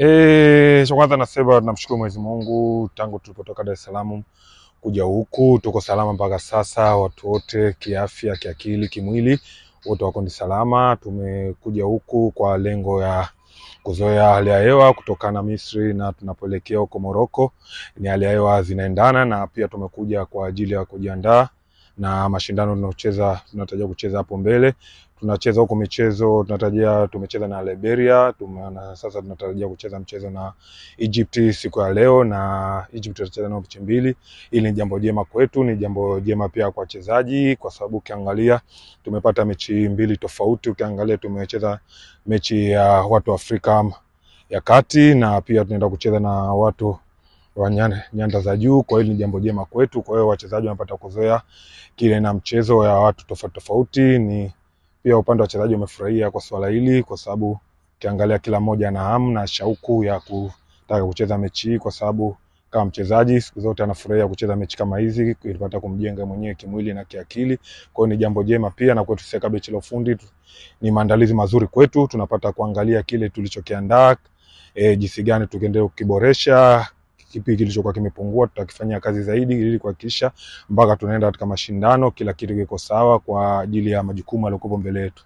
Eh, cha kwanza nasema tunamshukuru Mwenyezi Mungu tangu tulipotoka Dar es Salaam kuja huku tuko salama mpaka sasa, watu wote kiafya, kiakili, kimwili wote wako ni salama. Tumekuja huku kwa lengo ya kuzoea hali ya hewa kutoka na Misri na tunapoelekea huko Moroko, ni hali ya hewa zinaendana, na pia tumekuja kwa ajili ya kujiandaa na mashindano tunaocheza tunatarajia kucheza hapo mbele. Tunacheza huko michezo tunatarajia, tumecheza na Liberia tuma, sasa tunatarajia kucheza mchezo na Egypt siku ya leo, na Egypt tutacheza nao mechi mbili. Hili ni jambo jema kwetu, ni jambo jema pia kwa wachezaji, kwa sababu ukiangalia tumepata mechi mbili tofauti. Ukiangalia tumecheza mechi ya watu wa Afrika ya kati na pia tunaenda kucheza na watu wa nyanda za juu. Kwa hiyo ni jambo jema kwetu, kwa hiyo wachezaji wanapata kuzoea kile na mchezo ya watu tofauti tofauti. Ni pia upande wa wachezaji wamefurahia kwa swala hili, kwa sababu ukiangalia kila mmoja ana hamu na shauku ya kutaka kucheza mechi hii, kwa sababu kama mchezaji siku zote anafurahia kucheza mechi kama hizi, ilipata kumjenga mwenyewe kimwili na kiakili. Kwa hiyo ni jambo jema pia na kwetu seka bechi la ufundi ni maandalizi mazuri kwetu, tunapata kuangalia kile tulichokiandaa, e, jinsi gani tukiendelea kukiboresha kipi kilichokuwa kimepungua, tutakifanyia kazi zaidi ili kuhakikisha mpaka tunaenda katika mashindano kila kitu kiko sawa kwa ajili ya majukumu yaliyokuwa mbele yetu.